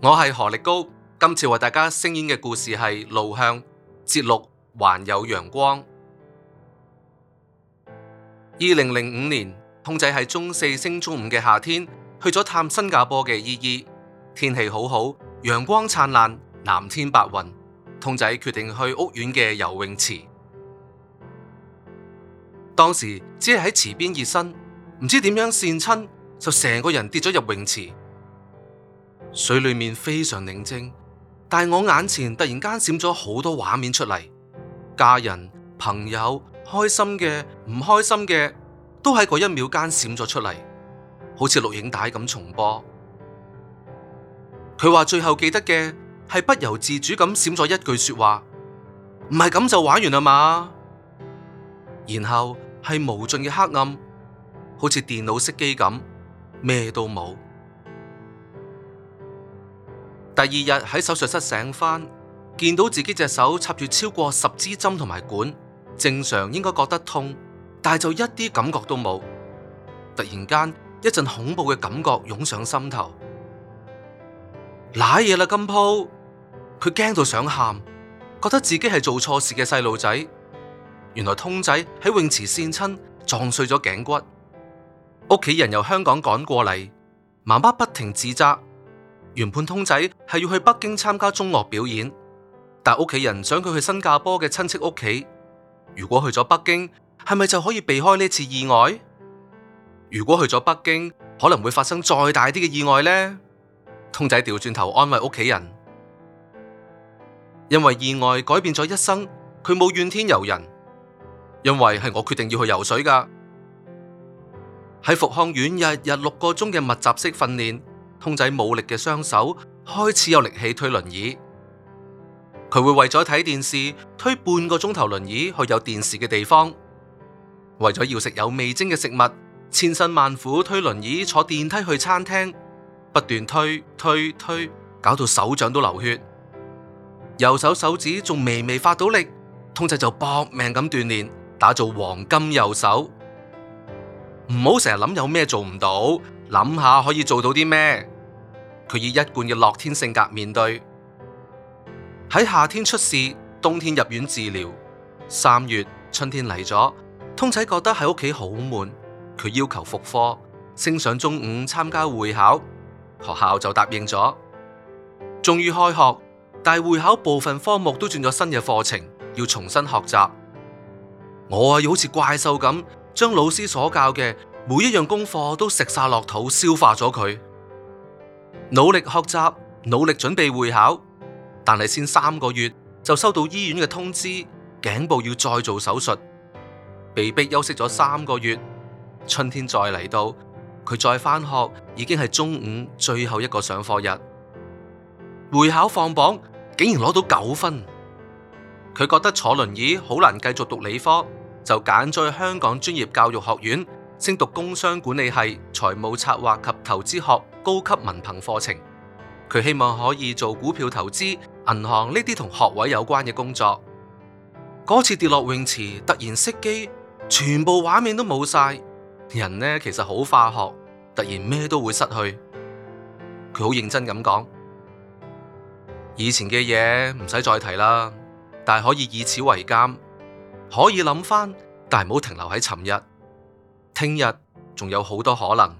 我係何力高，今次為大家聲演嘅故事係路向節錄，還有陽光。二零零五年，通仔係中四升中五嘅夏天，去咗探新加坡嘅姨姨，天氣好好，陽光燦爛，藍天白雲。通仔決定去屋苑嘅游泳池，當時只係喺池邊熱身，唔知點樣跣親，就成個人跌咗入泳池。水裏面非常寧靜，但我眼前突然間閃咗好多畫面出嚟，家人、朋友、開心嘅、唔開心嘅，都喺嗰一秒間閃咗出嚟，好似錄影帶咁重播。佢話最後記得嘅係不由自主咁閃咗一句說話，唔係咁就玩完啦嘛。然後係無盡嘅黑暗，好似電腦熄機咁，咩都冇。第二日喺手術室醒返，見到自己隻手插住超過十支針同埋管。正常應該覺得痛，但就一啲感覺都冇。突然間一陣恐怖嘅感覺湧上心頭，瀨嘢啦今鋪，佢驚到想喊，覺得自己係做錯事嘅細路仔。原來通仔喺泳池跣親，親，撞碎咗頸骨。屋企人由香港趕過嚟，媽媽不停自責。原本通仔係要去北京參加中樂表演，但屋企人想佢去新加坡嘅親戚屋企。如果去咗北京，係咪就可以避開呢次意外？如果去咗北京，可能會發生再大啲嘅意外呢？通仔掉轉頭安慰屋企人，因為意外改變咗一生，佢冇怨天尤人，因為係我決定要去游水㗎。喺復康院日日六個鐘嘅密集式訓練。通仔冇力嘅雙手開始有力氣推輪椅，佢會為咗睇電視推半個鐘頭輪椅去有電視嘅地方，為咗要食有味精嘅食物，千辛萬苦推輪椅坐電梯去餐廳，不斷推推推，推，搞到手掌都流血，右手手指仲微微發到力，通仔就搏命咁鍛煉，打造黃金右手，唔好成日諗有咩做唔到。諗下可以做到啲咩？佢以一貫嘅樂天性格面對。喺夏天出事，冬天入院治療。三月春天嚟咗，通仔覺得喺屋企好悶，佢要求復課，升上中午參加會考。學校就答應咗。終於開學，但會考部分科目都轉咗新嘅課程，要重新學習。我呀要好似怪獸咁，將老師所教嘅。每一樣功課都食晒落肚，消化咗佢，努力學習，努力準備會考。但係先三個月就收到醫院嘅通知，頸部要再做手術，被逼休息咗三個月。春天再嚟到，佢再翻學已經係中午最後一個上課日。會考放榜，竟然攞到九分。佢覺得坐輪椅好難繼續讀理科，就揀咗去香港專業教育學院，升讀工商管理系，財務策劃及投資學高級文憑課程，佢希望可以做股票投資、銀行呢啲同學位有關嘅工作。嗰次跌落泳池突然熄機，全部畫面都冇晒。人呢，其實好化學，突然咩都會失去。佢好認真咁講，以前嘅嘢唔使再提啦，但係可以以此為鑑，可以諗翻，但係唔好停留喺尋日。聽日仲有好多可能。